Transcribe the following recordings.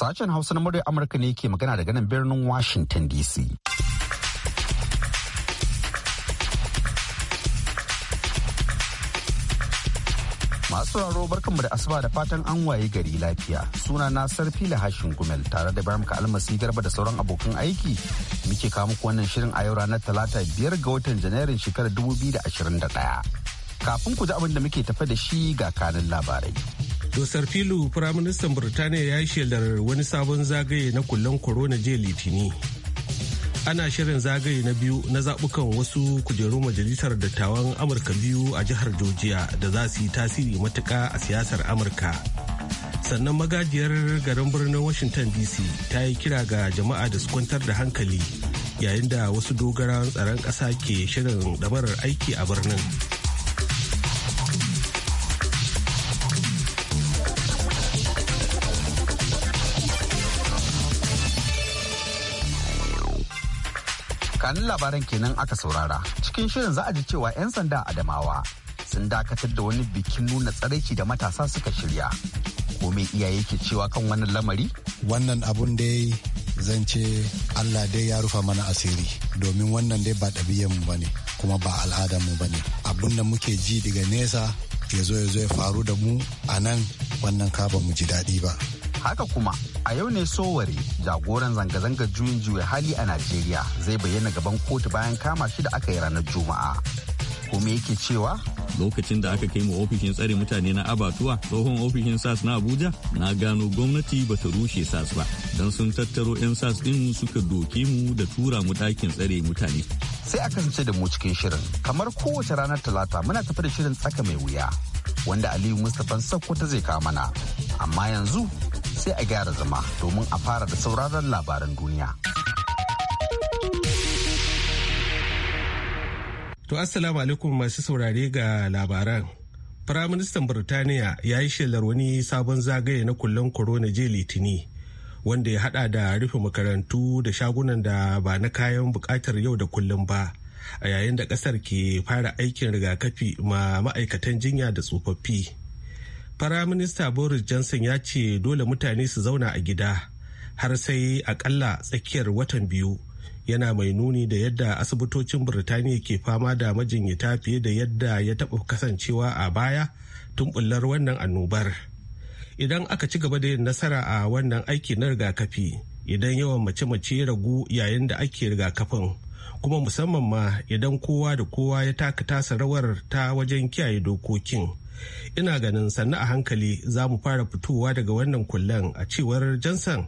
Sashen Hausa na murya Amurka ne ke magana daga nan birnin Washington DC. Masu sauraro barkanmu da asuba da fatan an waye gari lafiya. Suna na Sarfi Hashin Gumel tare da bayan Almasi Garba da sauran abokan aiki. Muke kawo muku wannan shirin a yau ranar Talata biyar ga watan Janairun shekarar 2021. Kafin ku ji abin da muke tafe da shi ga kanin labarai. To Filu Firaministan Birtaniya ya yi shelar wani sabon zagaye na kullon korona jiya litini. Ana shirin zagaye na biyu na zaɓukan wasu kujerun majalisar dattawan Amurka biyu a jihar Georgia da za su yi tasiri matuƙa a siyasar Amurka. Sannan magajiyar garin birnin Washington DC ta yi kira ga jama'a da su kwantar da hankali yayin da wasu dogaran tsaron ƙasa ke shirin dabarar aiki a birnin. kanin labaran kenan aka saurara cikin shirin za a ji cewa 'yan sanda adamawa sun dakatar da wani bikin nuna tsaraici da matasa suka shirya ko mai iyaye ke cewa kan wannan lamari wannan abun dai zan ce allah dai ya rufa mana asiri domin wannan dai ba mu ba ne kuma ba al'adar mu ne abun da muke ji daga nesa ya zo ya zo ya faru da mu a nan wannan kaba mu ji daɗi ba Haka kuma a yau ne soware jagoran zanga zanga juyin juya hali a Najeriya zai bayyana gaban kotu bayan kama shi da aka yi ranar Juma'a. Kuma yake cewa lokacin da aka kai mu ofishin tsare mutane na abatuwa tsohon ofishin sas na abuja na gano gwamnati ba ta rushe sas ba don sun tattaro 'yan sas din suka doke mu da tura mu ɗakin tsare mutane sai a kasance da mu cikin shirin kamar kowace ranar talata muna tafi da shirin tsaka mai wuya wanda aliyu mustapha sakko ta zai kawo mana amma yanzu sai a gyara zama domin a fara da sauraron labaran duniya. To assalamu alaikum masu saurare ga labaran. Firaministan Birtaniya ya yi shelar wani sabon zagaye na kullum korona je litini wanda ya hada da rufe makarantu da shagunan da ba na kayan bukatar yau da kullum ba. a yayin da kasar ke fara aikin rigakafi ma ma'aikatan jinya da tsofaffi Firaminista Boris Johnson ya ce dole mutane su zauna a gida har sai akalla tsakiyar watan biyu yana mai nuni da yadda asibitocin Birtaniya ke fama da majinyata fiye da yadda ya taɓa kasancewa a baya tun bullar wannan annobar. Idan aka ci gaba da yin nasara a wannan aiki na rigakafi, idan yawan mace-mace ya ragu yayin da ake rigakafin, kuma musamman ma idan kowa da kowa ya taka tasa rawar ta wajen kiyaye dokokin. ina ganin sannu a hankali za mu fara fitowa daga wannan kullen a cewar jansan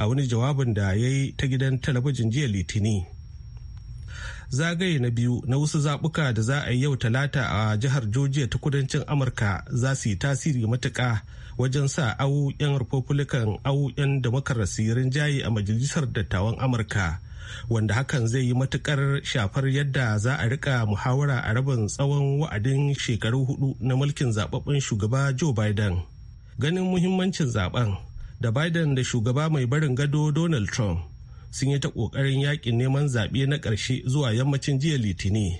a wani jawabin da ya yi ta gidan talabijin jiya litini zagaye na biyu na wasu zaɓuka da za a yi yau talata a jihar georgia ta kudancin amurka za su yi tasiri matuƙa wajen sa au 'yan republican au 'yan demokarasi rinjaye a majalisar dattawan amurka wanda hakan zai yi matukar shafar yadda za a rika muhawara a rabin tsawon wa'adin shekaru hudu na mulkin zababben shugaba joe biden ganin muhimmancin zaben da biden da shugaba mai barin gado donald trump sun yi ta kokarin yakin neman zaɓe na ƙarshe zuwa yammacin jiya litini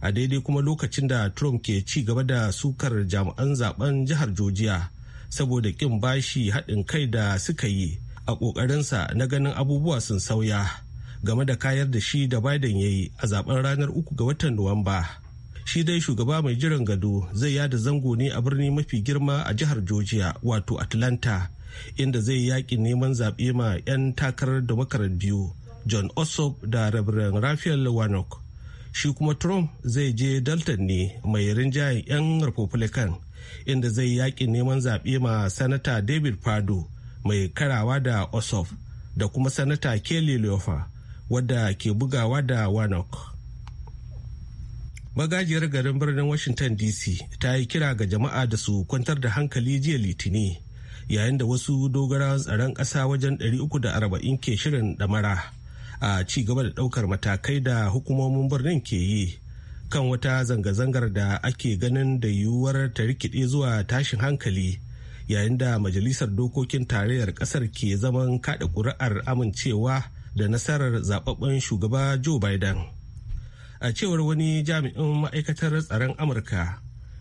a daidai kuma lokacin da trump ke ci gaba da sukar jami'an zaben jihar georgia saboda ƙin bashi haɗin kai da suka yi a ƙoƙarinsa na ganin abubuwa sun sauya game da kayar da shi da Biden ya yi a zaben ranar uku ga watan Nuwamba. Shi dai shugaba mai jiran gado zai yada zango ne a birni mafi girma a jihar Georgia wato Atlanta inda zai yaƙi neman zaɓe ma 'yan takarar Democrat biyu John Ossoff da Reverend Raphael Warnock. Shi kuma Trump zai je Dalton ne mai rinjayen 'yan Republican inda zai yaƙi neman zaɓe ma Sanata David Pardo mai karawa da Ossoff da kuma Sanata Kelly leofer wadda ke bugawa da wanok. Magajiyar garin birnin Washington DC ta yi kira ga jama'a da su kwantar da hankali jiya litini yayin da wasu dogara tsaron ƙasa wajen 340 ke shirin ɗamara a ci gaba da ɗaukar matakai da hukumomin birnin ke yi kan wata zanga-zangar da ake ganin da yiwuwar ta rikide zuwa tashin hankali. yayin da majalisar dokokin tarayyar kasar ke zaman kada kuri'ar amincewa da nasarar zababben shugaba joe biden a cewar wani jami'in ma'aikatar tsaron amurka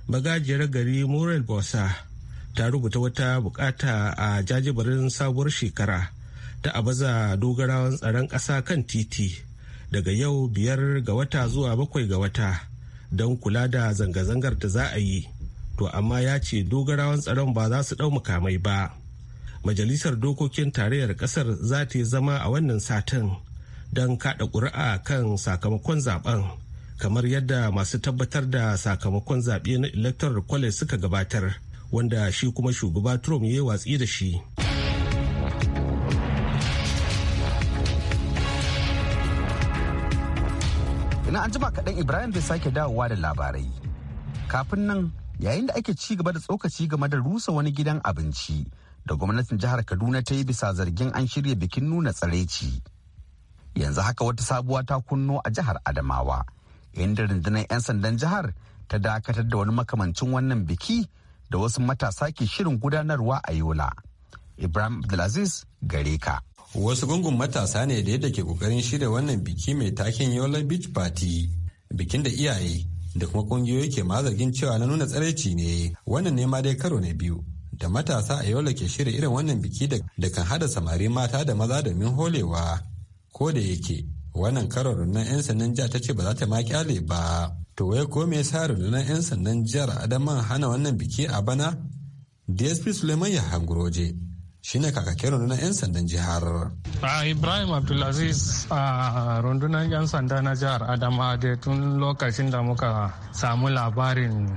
magajiyar gari morel bosa ta rubuta wata bukata a jajibarin sabuwar shekara ta abaza dogarawan tsaron ƙasa kan titi daga yau biyar ga wata zuwa bakwai ga wata don kula da zanga-zangar da za a yi to amma ya ce dogarawan tsaron ba za su ɗau mukamai ba majalisar dokokin tarayyar kasar za ta zama a wannan satin don kada ƙuri'a kan sakamakon zaben kamar yadda masu tabbatar da sakamakon zaɓe na electoral college suka gabatar wanda shi kuma shugaba trump ya yi watsi da shi ina an jima kaɗan ibrahim bai sake dawowa da labarai kafin nan yayin da ake ci gaba da tsokaci game da rusa wani gidan abinci da gwamnatin jihar kaduna ta yi bisa zargin an shirya bikin nuna tsareci. yanzu haka wata sabuwa ta kunno a jihar adamawa inda rundunar 'yan sandan jihar ta dakatar da wani makamancin wannan biki da wasu matasa ke shirin gudanarwa a yola ibrahim abdulaziz gare ka wasu gungun matasa ne da yadda ke kokarin shirya wannan biki mai takin yola beach party bikin da iyaye da kuma kungiyoyi ke mazargin cewa na nuna tsareci ne wannan ne ma dai karo na biyu da matasa a yau ke shirin irin wannan biki da kan hada samari mata da maza domin holewa ko da yake wannan karo rundunar 'yan sandan jihar ta ce ba za ta ma kyale ba to wai ko me yasa rundunar 'yan sandan jihar adaman hana wannan biki a bana dsp suleiman ya hanguroje ne kakakin rundunar 'yan sandan jihar. ibrahim abdulaziz a rundunar 'yan sanda na jihar adama da tun lokacin da muka samu labarin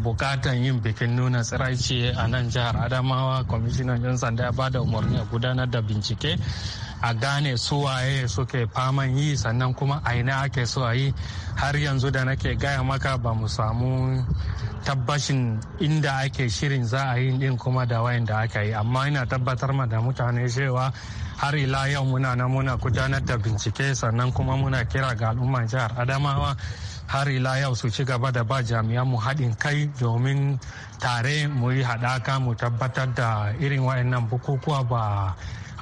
bukatan yin bikin nuna tsiraici a nan jihar adamawa kwamishinan yan sanda ya bada umarni a gudanar da bincike a gane suwaye suke faman yi sannan kuma aina ake so a yi har yanzu da nake gaya maka ba mu samu tabbashin inda ake shirin za a yi din kuma da wayan da aka yi amma ina tabbatar ma da mutane cewa har ila yau muna na muna gudanar da bincike sannan kuma muna kira ga al'umma jihar adamawa har ila yau su ci gaba da ba jami'an mu haɗin kai domin tare mu yi haɗaka mu tabbatar da irin waannan bukukuwa ba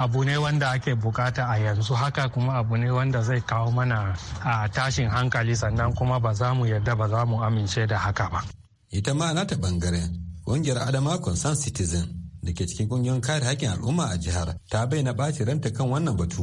abu ne wanda ake bukata a yanzu haka kuma abu ne wanda zai kawo mana a tashin hankali sannan kuma ba za mu yarda ba za mu amince da haka ba. ita ma nata bangaren ƙungiyar adama concern citizen da ke cikin ƙungiyar kare haƙƙin al'umma a jihar ta bayyana ɓaci ranta kan wannan batu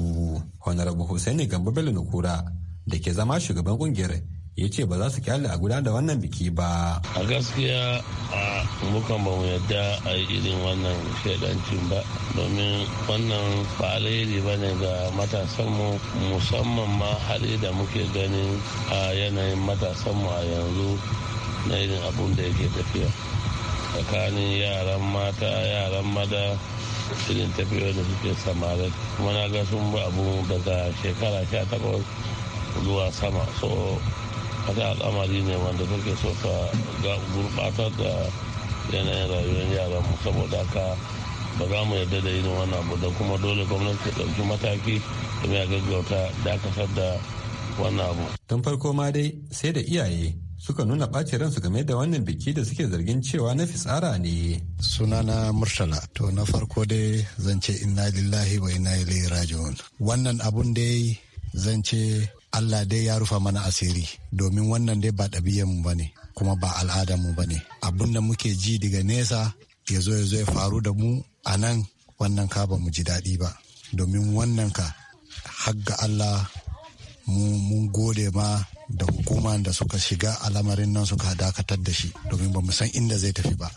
honorable hussaini gambo bello nukura da ke zama shugaban ƙungiyar ya ce ba za su kyale a gudanar da wannan biki ba. A gaskiya a mukan ba mu yadda a yi irin wannan shaidancin ba domin wannan ba alheri ba ne ga matasanmu musamman ma hali da muke ganin a yanayin matasanmu a yanzu na irin abun da yake tafiya. Tsakanin yaran mata yaran mada irin tafiyar da suke samarai kuma na ga sun abu daga shekara sha takwas zuwa sama so wani al'amari ne wanda take so ka gurbatar da yanayin rayuwar mu saboda ka ba za mu yarda da irin wannan abu da kuma dole gwamnati ta ɗauki mataki da mai gaggauta dakatar da wannan abu. Tun farko ma dai sai da iyaye suka nuna ɓacin ransu game da wannan biki da suke zargin cewa na fitsara ne. Sunana Murtala. To na farko dai zan ce inna lillahi wa inna ilaihi raji'un. Wannan abun dai zan ce Allah dai ya rufa mana asiri domin wannan dai ba ɗabi'anmu ba ne kuma ba al'adarmu ba ne abin da muke ji daga nesa ya zo ya zo ya faru da mu a nan wannan ka ba mu ji daɗi ba domin wannan ka hagga Allah mun gode ma da hukuma da suka shiga al'amarin nan suka dakatar da shi domin ba mu san inda zai tafi ba.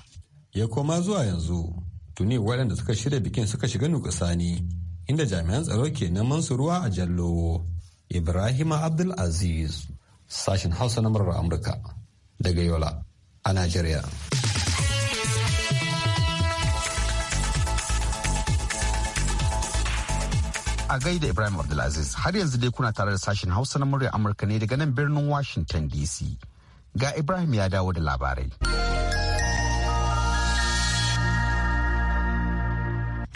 Ya koma zuwa yanzu tuni waɗanda suka shirya bikin suka shiga nukusani inda jami'an tsaro ke na su ruwa a jallowo. Ibrahim Abdulaziz, sashen Hausa na murar Amurka daga Yola a Najeriya. A gaida Ibrahim Abdulaziz har yanzu dai kuna tare da sashen Hausa na muryar Amurka ne daga nan birnin Washington DC. Ga Ibrahim ya dawo da labarai.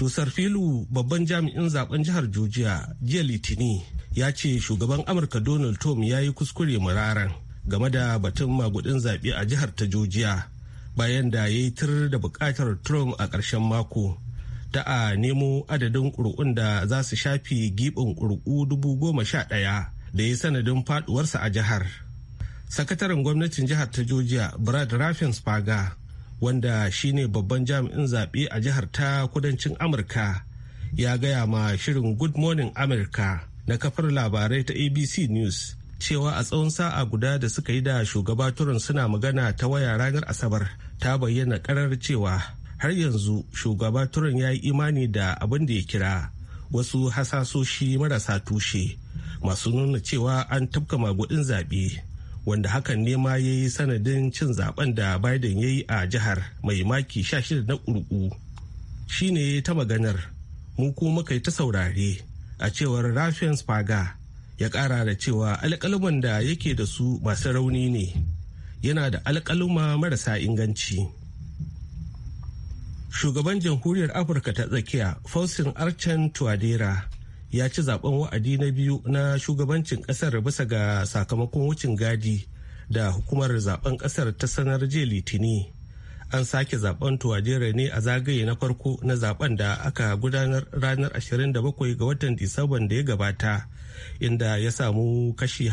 To filu babban jami'in zaben jihar Jojiya, jiya litini ya ce shugaban amurka donald trump ya yi kuskure muraran game da batun magudin zaɓe a jihar ta georgia bayan da ya yi tur da buƙatar trump a ƙarshen mako ta a nemo adadin ƙuri'un da za su shafi giɓin ƙuri'u dubu goma sha ɗaya da ya sanadin faɗuwarsa a jihar sakataren gwamnatin jihar ta georgia brad Faga. wanda shine babban jami'in zaɓe a jihar ta kudancin amurka ya gaya ma shirin good morning amurka na kafar labarai ta abc news cewa a tsawon sa'a guda da suka yi da shugaba turin suna magana ta waya ranar asabar ta bayyana karar cewa har yanzu shugaba turin ya yi imani da abin da ya kira wasu hasasoshi marasa tushe masu nuna cewa an tabka magudin zaɓe wanda hakan ne ma ya yi sanadin cin zaben da biden ya yi a jihar mai maki 16 na ƙurƙu shi ne ta maganar mu kuma kai ta saurare a cewar rafin spaga ya ƙara da cewa alƙaluman da yake da su masu rauni ne yana da alƙaluma marasa inganci shugaban jamhuriyar afirka ta tsakiya faustin Archen tuadera ya ci zaben wa'adi na biyu na shugabancin kasar bisa ga sakamakon wucin gadi da hukumar zaben kasar ta sanar jiya litini an sake zaben tuwajere ne a zagaye na farko na zaben da aka gudanar ranar 27 ga watan disamban da ya gabata inda ya samu kashi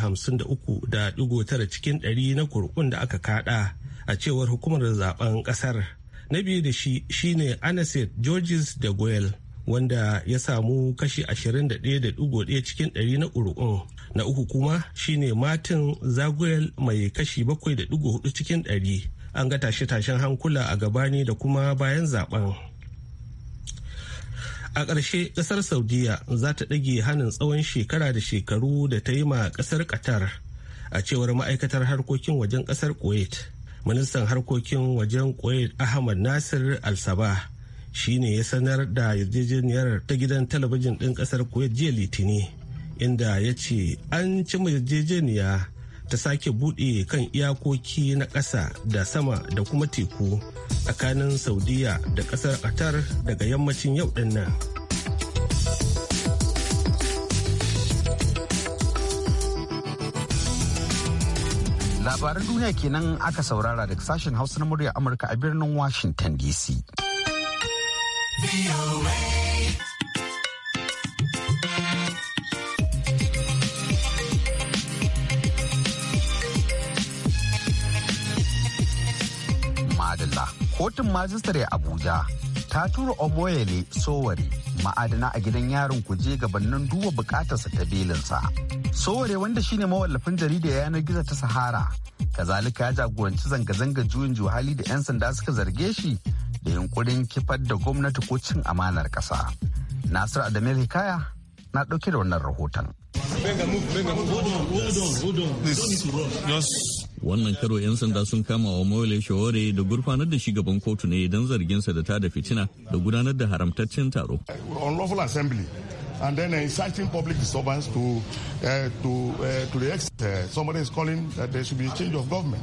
da tara cikin 100 na kurkun da aka kada a cewar hukumar zaben kasar na biyu da shi shine anaset georges de goyle wanda ya samu kashi 21.1 cikin 100 na ƙuri'un na uku kuma shine martin zaguel mai kashi 7.4 cikin 100 an ga tashe-tashen hankula a gabani da kuma bayan zaben a ƙarshe ƙasar saudiya za ta ɗage hannun tsawon shekara da shekaru da ta yi ma ƙasar qatar a cewar ma'aikatar harkokin wajen ƙasar kuwait ministan harkokin wajen kuwait ahmad nasir al-sabah shine ya sanar da yarjejeniyar ta gidan talabijin ɗin ƙasar kuwait jiya litini inda ya ce an cima yarjejeniya ta sake buɗe kan iyakoki na ƙasa da sama da kuma teku tsakanin saudiya da ƙasar qatar daga yammacin yau ɗin nan labaran duniya kenan aka saurara daga sashen hausa na murya amurka a birnin washington dc Madalla, kotun majistare Abuja ta tura Oboyele Sowari ma'adana a gidan yarin kuje gabanin duba bukatarsa ta belinsa. Soware wanda shine mawallafin jarida yanar gizo ta Sahara, kazalika ya jagoranci zanga-zanga juyin juhali da 'yan sanda suka zarge shi da yunkurin kifar da gwamnati ko cin amanar ƙasa. Nasir Adamu Hikaya na ɗauke da wannan rahoton. Wannan karo 'yan sanda sun kama wa Mole Shawore da gurfanar da shi gaban kotu ne don zarginsa da tada fitina da gudanar da haramtaccen taro. Unlawful assembly and then inciting public disturbance to uh, to uh, to the extent uh, somebody is calling that there should be a change of government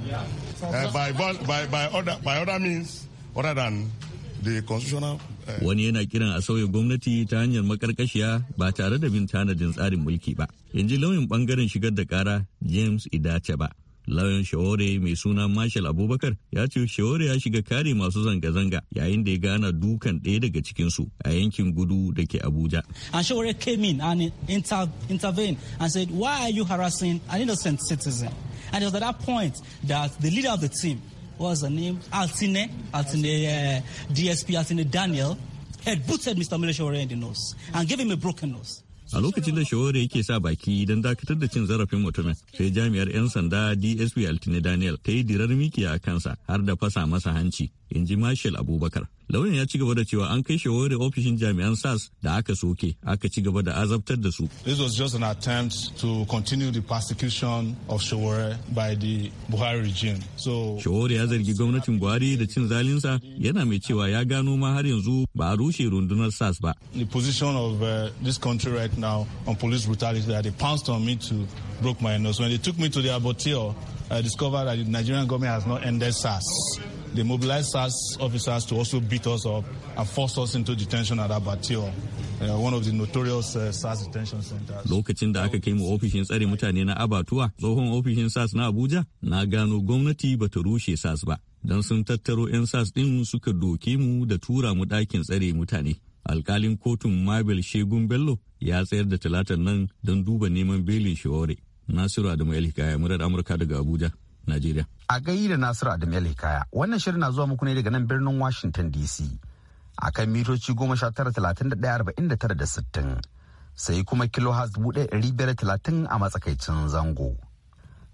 uh, by by by other by other means. Eh, wani yana kiran a sauya gwamnati ta hanyar makarkashiya ba tare da bin tanadin tsarin mulki ba in ji lauyin bangaren shigar da kara james idace ba lauyan shawore mai suna marshal abubakar ya ce shawara ya shiga kare masu zanga-zanga yayin da ya gana dukan ɗaya daga cikinsu a yankin gudu da ke abuja and shawore came in and intervened and said why are you harassing an innocent citizen and it was at that point that the leader of the team was her name? Altine, Altine uh, DSP, Altine Daniel, had booted Mr. Melishore in the nose and gave him a broken nose. a lokacin da shawarar yake sa baki don dakatar da cin zarafin mutumin sai jami'ar 'yan sanda dsp altine daniel ta yi dirar miki a kansa har da fasa masa hanci in ji Marshal Abubakar. Lauyan ya ci gaba da cewa an kai shawarar ofishin jami'an SAS da aka soke aka ci gaba da azabtar da su. This was just an attempt to continue the persecution of shawara by the Buhari regime. So Shawore ya zargi gwamnatin Buhari da cin zalinsa yana mai cewa ya gano ma har yanzu ba a rushe rundunar SAS ba. The position of uh, this country right now on police brutality that they pounced on me to broke my nose when they took me to the abattoir I discovered that the Nigerian government has not ended sas. They mobilized SAS officers to also beat us up and force us into detention at Abatio, uh, the notorious uh, detention centers. Lokacin da aka kai mu ofishin tsare mutane na Abatuwa, tsohon ofishin SAS na Abuja, na gano gwamnati ba ta rushe SAS ba. Don sun tattaro 'yan SAS ɗin suka doke mu da tura mu ɗakin tsare mutane. Alkalin kotun Mabel Shegun Bello ya tsayar da talatar nan don duba neman belin shawarai. Nasiru Adamu El Hikaya, murar Amurka daga Abuja. Najeriya. A gai da Nasiru Adam Hikaya, wannan shirin na zuwa muku ne daga nan birnin Washington DC. A kan mitoci goma Sai kuma kilo has dubu a matsakaicin zango.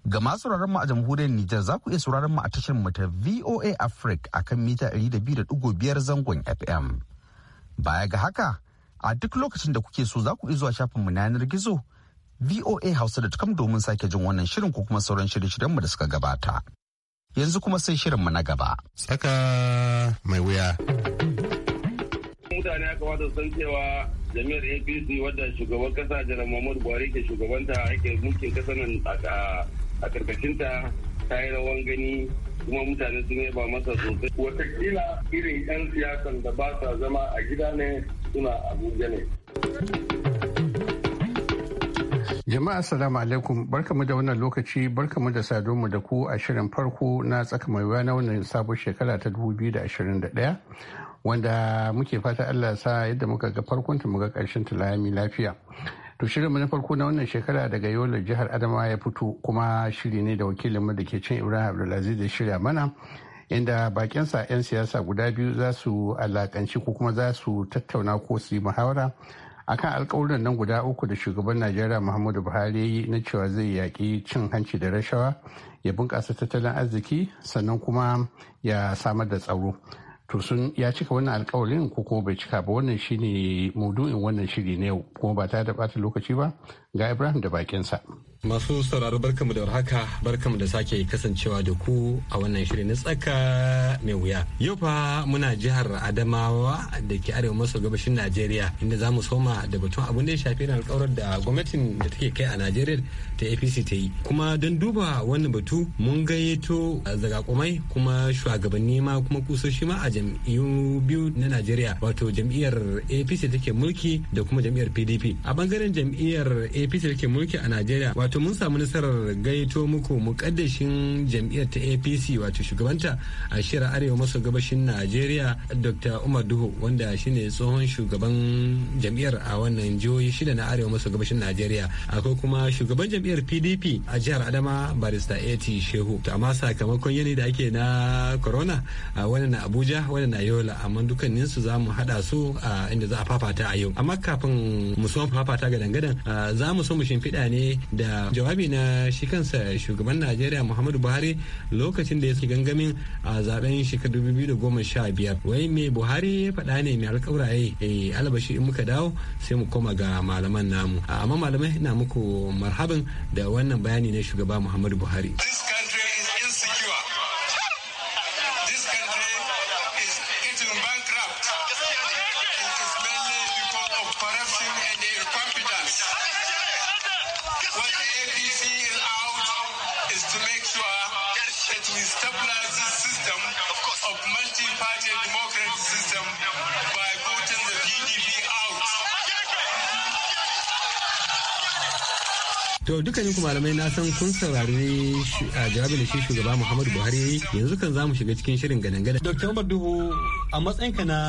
Ga masu mu a jamhuriyar Nijar za ku iya sauraron mu a tashar mu ta VOA Africa a kan mita ɗari biyar zangon FM. Baya ga haka, a duk lokacin da kuke so za ku iya zuwa shafinmu na yanar gizo voa hausa hausa.com domin sake jin wannan shirin ko kuma sauran shirye-shiryenmu da suka gabata. Yanzu kuma sai shirin shirinmu na gaba. Tsaka mai wuya. Mutane ya kamata san cewa jami'ar APC wadda shugaban kasa Janar Muhammadu Buhari ke shugabanta ake muke kasa nan a karkashinta ta yi rawan gani kuma mutane sun ba masa sosai. Watakila irin 'yan siyasan da ba sa zama a gida ne suna Abuja ne. Jama'a assalamu alaikum barkamu da wannan lokaci barkamu da saduwa da ku a shirin farko na tsaka mai na wannan sabon shekara ta 2021 wanda muke fata Allah sa yadda muka ga farkon ta muga karshen ta lami lafiya. To shirin mu na farko na wannan shekara daga Yola jihar adama ya fito kuma shiri ne da wakilinmu da ke cin Ibrahim Abdulaziz da shirya mana inda sa 'yan siyasa guda biyu za su alakanci ko kuma za su tattauna ko su yi muhawara akan alkawuran nan guda uku da shugaban najeriya muhammadu buhari ya yi na cewa zai yaƙi cin hanci da rashawa ya bunƙasa tattalin arziki sannan kuma ya samar da tsaro to sun ya cika wannan alkawarin ko ko bai cika ba wannan shine mudu'in wannan shiri ne kuma ba ta da ɓata lokaci ba ga ibrahim da bakinsa. Masu sauraro barkamu da warhaka barkamu da sake kasancewa da ku a wannan shirin na tsaka mai wuya. Yau fa muna jihar Adamawa da ke arewa maso gabashin Najeriya inda za mu soma da batun abun da ya shafi na alkawar da gwamnatin da take kai a Najeriya ta APC ta yi. Kuma don duba wannan batu mun gayyato zagakumai kuma shugabanni ma kuma kusoshi ma a jam'iyyu biyu na Najeriya wato jam'iyyar APC take mulki da kuma jam'iyyar PDP. A bangaren jam'iyyar APC take mulki a Najeriya wato mun samu nasarar gaito muku mukaddashin jam'iyyar ta apc wato shugabanta a shirar arewa maso gabashin najeriya dr umar duhu wanda shine tsohon shugaban jam'iyyar a wannan jihohi shida na arewa maso gabashin najeriya akwai kuma shugaban jam'iyyar pdp a jihar adama barista eti shehu to amma sakamakon yanayi da ake na corona wani na abuja wani na yola amma dukkanin su za mu haɗa su a inda za a fafata a yau amma kafin mu so fafata gadan gadan za mu so mu shimfiɗa ne da jawabi na shi kansa shugaban najeriya muhammadu buhari lokacin da ya ke gangamin a zaben sha biyar wai mai buhari ya faɗa ne mai yi eh, albashi in muka dawo sai mu koma ga malaman namu amma malamai na muku marhaban da wannan bayani na shugaba muhammadu buhari dukkanin ku malamai na san kun saurari a jawabin da shi shugaba Muhammadu Buhari yanzu kan zamu shiga cikin shirin gadan-gadan. Dr. Umar Duhu a matsayinka na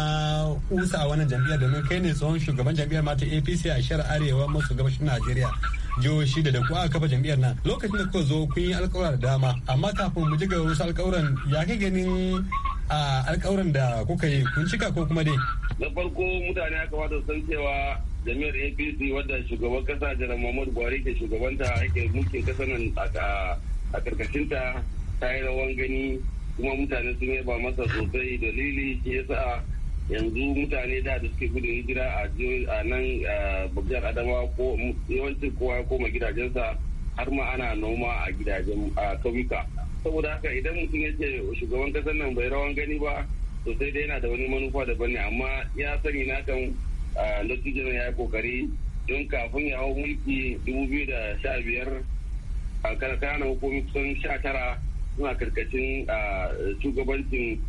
kusa a wannan jam'iyyar domin kai ne tsohon shugaban jam'iyyar mata APC a shar arewa maso gabashin Najeriya. jihohi da da ku aka kafa jam'iyyar nan lokacin da kuka zo kun yi alkawura da dama amma kafin mu ji ga wasu alkawuran ya kai ganin a alkawuran da kuka yi kun cika ko kuma dai na farko mutane ya kamata su san cewa jami'ar apc wadda shugaban kasa jiran muhammadu buhari ke shugabanta ake muke kasa nan a karkashinta ta yi rawan gani kuma mutane sun yaba masa sosai dalili ke yasa yanzu mutane da da suke gudun hijira a nan babjar adama ko yawancin kowa koma gidajensa har ma ana noma a gidajen a kauyuka saboda haka idan mutum ya ce shugaban kasar nan bai rawan gani ba sosai sai dai yana da wani manufa daban ne amma ya sani na kan dattijo ya yi kokari don kafin ya hau mulki biyar a na hukumi kusan tara suna karkashin shugabancin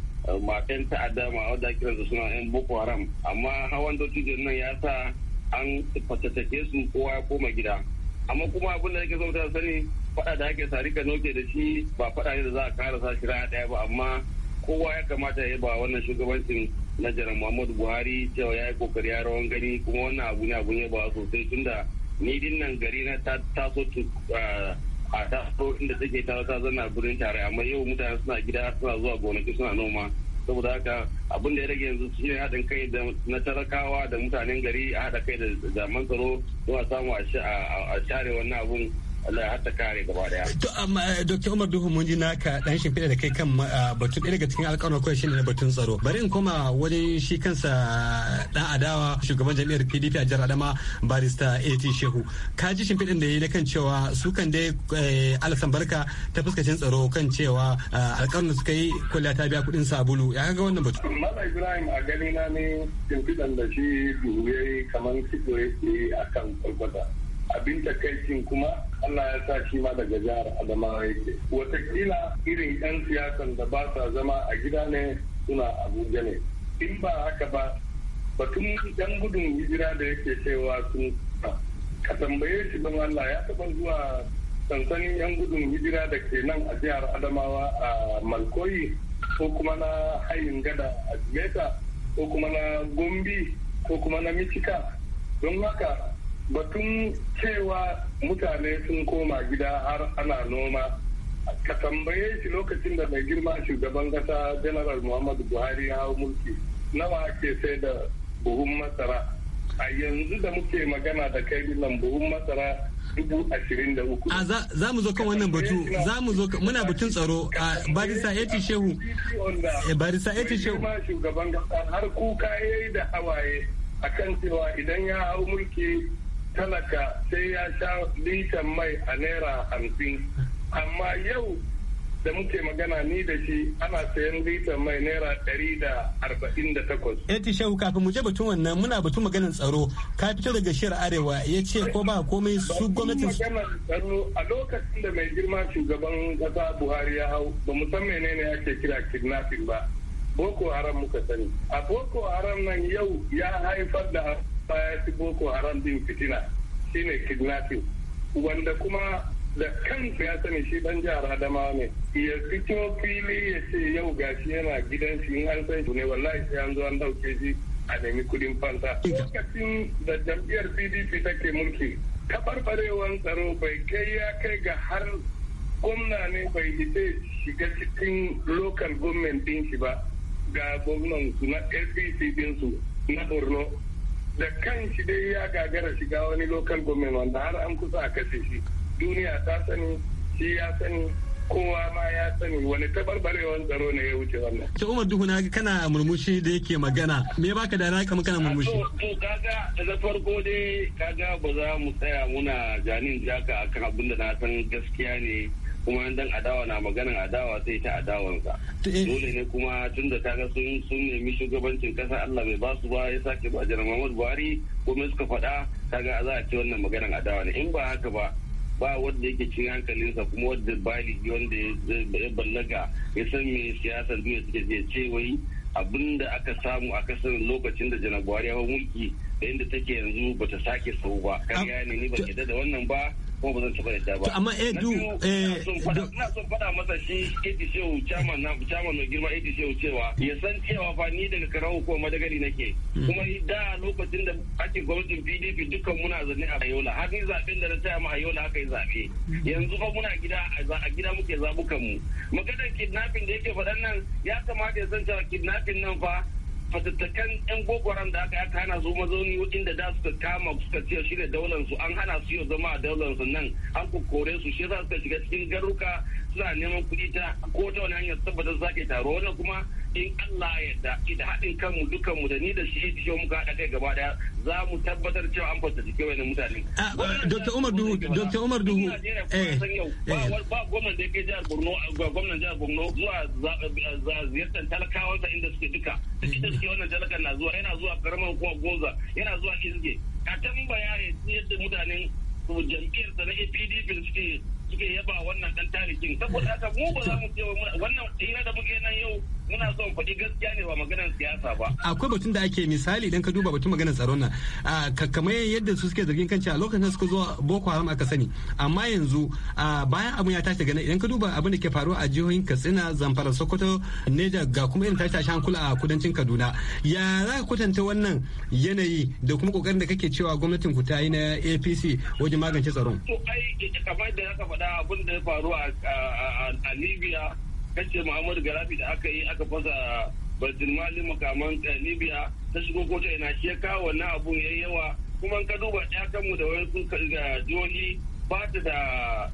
matan ta'adda ma wadda kiransu suna yan boko haram amma hawan dattijon nan ya sa an fatattake su kowa ya koma gida amma kuma abin da yake zama sani fada da ake ka noke da shi ba fada ne da za a kara sa shi rana daya ba amma kowa ya kamata ya ba wannan shugabancin na janar muhammadu buhari cewa ya yi kokari ya rawan gani kuma wannan abu ne abu ne ba sosai tunda ni din nan gari na ta taso a taso inda take ta ta zana gurin tare amma yau mutane suna gida suna zuwa gonaki suna noma saboda haka abin da ya rage yanzu ne haɗin kai da na tarakawa da mutanen gari a haɗa kai da zaman tsaro zuwa samu a share wannan abun Allah har kare gaba daya. To amma eh, Dr. Umar Duhu mun ji naka dan shimfiɗa da kai kan ah, batun ɗaya daga cikin alƙawarin shine batun tsaro. Bari in koma wajen shi kansa dan ah, adawa shugaban jami'ar PDP a jihar Adama barista AT Shehu. Ka ji shimfiɗin da yi na kan cewa su kan dai eh, Alasan Barka ta fuskacin tsaro kan cewa ah, alƙawarin suka yi kulla ta biya kuɗin sabulu. Ya ga wannan batu. Mala Ibrahim a gani na ne shimfiɗan da shi duhu yayi kamar kitso yake akan kwalkwata. abin takaicin kuma Allah ya sa shi ma daga jihar Adamawa yake watakila irin 'yan siyasan da ba sa zama a gida ne suna Abuja ne in ba haka ba batun yan gudun hijira da yake cewa sun ka tambaye shi don Allah ya taɓa zuwa sansanin yan gudun hijira da ke nan a jihar Adamawa a Malkoyi ko kuma na hayin gada a Jimeta ko kuma na gombi. ko kuma na Michika don haka batun cewa mutane sun koma gida har ana noma ka tambaye shi lokacin da mai girma shugaban kasa general muhammadu buhari ya hau mulki nawa ake sai da buhun masara a yanzu da muke magana da kai nan buhun masara dubu ashirin da uku. A za mu zo kan wannan batu za mu zo muna batun tsaro a barisa eti shehu. Eh, barisa eti shehu. Shugaban kasa har kuka ya yi da hawaye akan cewa idan ya hau mulki talaka sai ya sha litan mai a naira hamsin amma yau da muke magana ni da shi ana sayan litan mai naira ɗari da arba'in da takwas. Eti eh, Shehu kafin mu je batun wannan muna batun maganin tsaro ka fito daga shiyar arewa ya ce ko ba komai su gwamnatin. maganar tsaro a lokacin da mai girma shugaban kasa Buhari ya hau ba mu san menene ake kira kidnapping ba. Boko Haram muka sani. A Boko Haram nan yau ya haifar da baya su boko haram din fitina shine kidnapping wanda kuma da kansa ya sani shi dan jihar adamawa ne ya fito fili ya ce yau gashi yana gidan shi in an san ne wallahi sai an zo an dauke shi a nemi kudin fanta. lokacin da jam'iyyar pdp take mulki tabarbarewan tsaro bai kai ya kai ga har gwamna ne bai ise shiga cikin local government din shi ba ga gwamnan su na lpc din su na borno da kan shi dai ya gagara shiga wani local government wanda har an kusa a kashe shi duniya ta sani shi ya sani kowa ma ya sani wani tabarbarewan tsaro ne ya wuce wannan. Ta Umar Duhu na kana murmushi da yake magana me baka da raka kana murmushi. To kaga daga farko dai kaga ba za mu tsaya muna janin jaka akan abin da na san gaskiya ne kuma dan adawa na maganan adawa sai ta adawansa eh. dole ne kuma tun da kaga sun sun nemi shugabancin kasa Allah bai ba su ba ya sake ba jiran Muhammad Buhari ko me suka faɗa kaga za a ce wannan maganan adawa ne in ba haka ba ba wanda yake cin hankalinsa kuma wanda Bali wanda ya ballaga ya san me siyasar duniya suke je ce wai abin aka samu a kasar lokacin da janar buhari ya mulki da inda take yanzu bata sake sau ba kan ne ni ba da wannan ba kuma ba zan taɓa yadda ba. amma eh du eh, son faɗa masa shi ADC chairman na chairman mai girma ADC cewa ya san cewa fa ni daga karawo ko madagari nake hmm. kuma da lokacin da ake gwamnatin PDP dukkan muna zanne a Ayola har ni zaben da na taya ma Ayola aka yi zaɓe. Hmm. yanzu fa muna gida a gida muke zabukan mu maganar kidnapping da yake faɗan nan ya kamata ya san cewa kidnapping nan fa fatattakan yan gogoron da aka aka hana su mazauni inda da suka kama suka ce shi ne daular su an hana su yau zama a daular su nan an kokore su shi za suka shiga cikin garuka suna neman kuɗi ta ko ta wani hanyar tabbatar sake taro wannan kuma in Allah ya yarda idan haɗin kanmu dukanmu da ni da shi da shi muka haɗa kai gaba daya za mu tabbatar cewa an fasa jike wani mutane. Ah, ah, Dr. Umar Duhu, Dr. Umar Duhu, ba gwamnan da ya kai jihar Borno, gwamnan jihar Borno zuwa ziyartar talakawansa inda suke duka. Ita suke wannan talakan na zuwa, yana zuwa karamar kuma goza, yana zuwa izge. A tambaya yadda mutanen jam'iyyarsa na APDP suke kike yaba wannan dan tarihin saboda haka mu ba za mu wannan tsira da muke nan yau muna son faɗi gaskiya ne ba maganar siyasa ba. Akwai batun da ake misali idan ka duba batun maganar tsaron nan. Kamar yadda su suke zargin kanci a lokacin da suka zo Boko Haram aka sani. Amma yanzu bayan abin ya tashi gana idan ka duba abin da ke faruwa a jihohin Katsina, Zamfara, Sokoto, Neja ga kuma irin tashi hankula a kudancin Kaduna. Ya za ka kwatanta wannan yanayi da kuma kokarin da kake cewa gwamnatin ku ta yi na APC wajen magance tsaron. To ai kamar da ya faɗa abin da ya faru a Libya kashe muhammadu garafi da aka yi aka fasa baitul mali makaman eh, libya ta shigo ko ta ina shi ya kawo wannan abun yayi yawa kuma ka duba kanmu da wani sun ga eh, jihohi ba ta da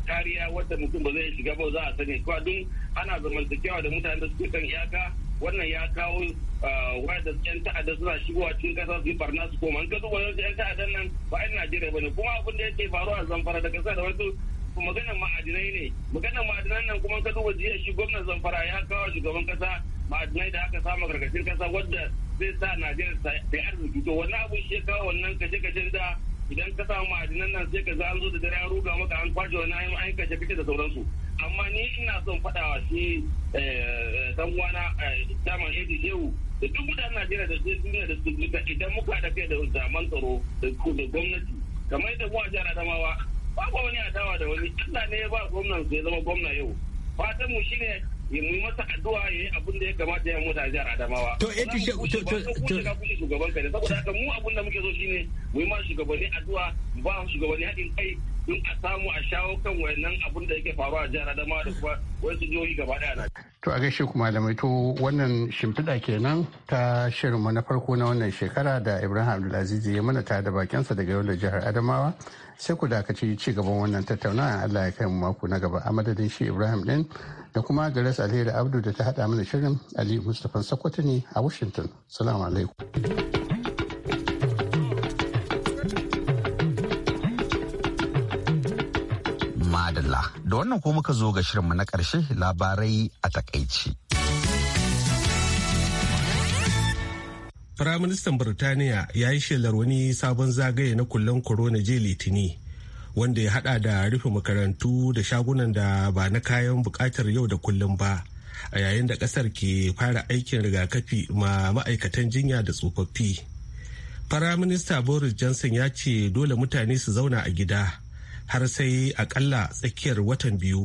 kariya wata mutum ba zai shiga ba za a sani kuma dun ana zamantakewa da mutane da suke kan iyaka wannan ya kawo eh, wadda yan ta'adda suna shigowa cikin kasa su yi barna su koma in ka duba yan ta'addan nan ba yan najeriya ba ne kuma abin da yake faruwa a zamfara da kasa da wasu maganar ma'adinai ne maganar ma'adinan nan kuma ka duba jiya shi gwamnan zamfara ya kawo shugaban kasa ma'adinai da aka samu gargashin kasa wadda zai sa najeriya ta yi arziki to wannan abu shi ya kawo wannan kashe-kashen da idan ka samu ma'adinan nan sai ka zazu da dare an ruga maka an kwace wani an an kashe kashe da sauransu amma ni ina son faɗawa shi dan eh, eh, uwana daman eh, edu da duk mutanen najeriya da duniya da su idan muka da kai da zaman tsaro da gwamnati kamar yadda kuma a jihar adamawa ba ba wani adawa da wani Allah ne ya ba gwamnan ya zama gwamna yau fatan mu shine ya mu masa addu'a yayi abin da ya kamata ya mutu a jihar Adamawa to eh to to to to shugaban ka ne saboda haka mu abin da muke so shine mu yi ma shugabanni addu'a mu ba shugabanni haɗin kai in a samu a shawo kan wayannan abun da yake faruwa a jihar Adamawa da kuma wasu jihohi gaba daya na. To a gaishe ku malamai to wannan shimfiɗa kenan ta shirinmu na farko na wannan shekara da Ibrahim Abdulaziz ya mana ta da bakinsa daga yau jihar Adamawa sai ku dakaci ci gaban wannan tattaunawa Allah ya kai mu mako na gaba a madadin shi Ibrahim din da kuma Garas Alheri Abdu da ta hada mana shirin Ali Mustapha Sokoto ne a Washington. Salamu alaikum. Da wannan ko muka zo ga shirinmu na ƙarshe labarai a takaici. Firaministan Birtaniya ya yi shelar wani sabon zagaye na kullen korona je litini wanda ya hada da rufe makarantu da shagunan da ba na kayan bukatar yau da kullum ba a yayin da kasar ke fara aikin rigakafi ma ma'aikatan jinya da tsofaffi. Firaminista Boris Johnson ya ce dole mutane su zauna a gida. har sai akalla tsakiyar watan biyu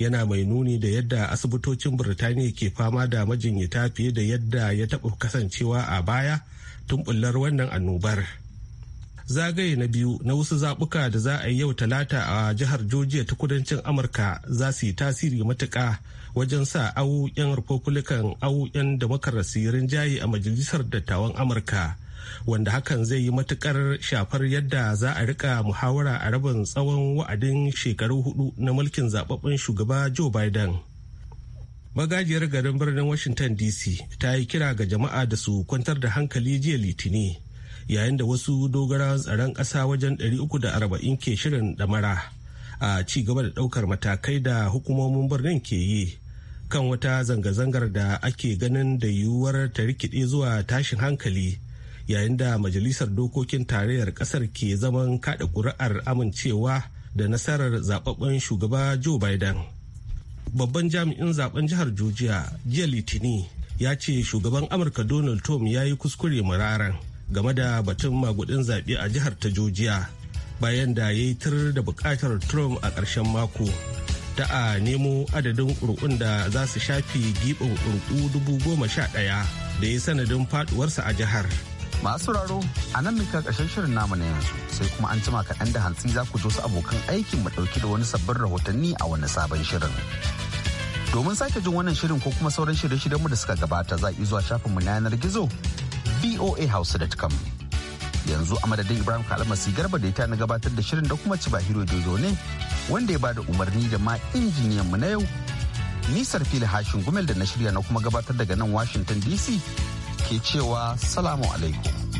yana mai nuni da yadda asibitocin birtaniya ke fama da majinyata fiye da yadda ya taɓa kasancewa a baya tun bullar wannan annobar zagaye na biyu na wasu zaɓuka da za a yi yau talata a jihar georgia ta kudancin amurka za su yi tasiri matuƙa wajen sa au 'yan republican au 'yan demokarasi rinjaye a majalisar dattawan amurka wanda hakan zai yi matukar shafar yadda za a rika muhawara a rabin tsawon wa'adin shekaru hudu na mulkin zababben shugaba joe biden magajiyar garin birnin washington dc ta yi kira ga jama'a da su kwantar da hankali jiya litini yayin da wasu dogara tsaron ƙasa wajen 340 ke shirin damara a ci gaba da ɗaukar matakai da hukumomin birnin ke yi kan wata zanga-zangar da ake ganin da yiwuwar ta rikide zuwa tashin hankali yayin da majalisar dokokin tarayyar kasar ke zaman kada kuri'ar amincewa da nasarar zababben shugaba joe biden babban jami'in zaben jihar georgia jiya litini ya ce shugaban amurka donald trump ya yi kuskure mararan game da batun magudin zaɓe a jihar ta georgia bayan da ya yi tur da buƙatar trump a ƙarshen mako ta a nemo adadin ƙuri'un da za su shafi giɓin ƙuri'u dubu goma sha ɗaya da ya sanadin faɗuwarsa a jihar masu sauraro a nan muka ƙarshen shirin namu na yanzu sai kuma an cima kaɗan da hantsi za ku su abokan aikin mu ɗauki da wani sabbin rahotanni a wani sabon shirin domin sake jin wannan shirin ko kuma sauran shirye mu da suka gabata za a zuwa shafinmu na yanar gizo voahouse.com yanzu a madadin ibrahim kalamasi garba da ita na gabatar da shirin da kuma ci bahiro dodo ne wanda ya ba da umarni da ma injiniyan mu na yau nisar fili hashin gumel da na shirya na kuma gabatar daga nan washington dc ke cewa salamu alaikum.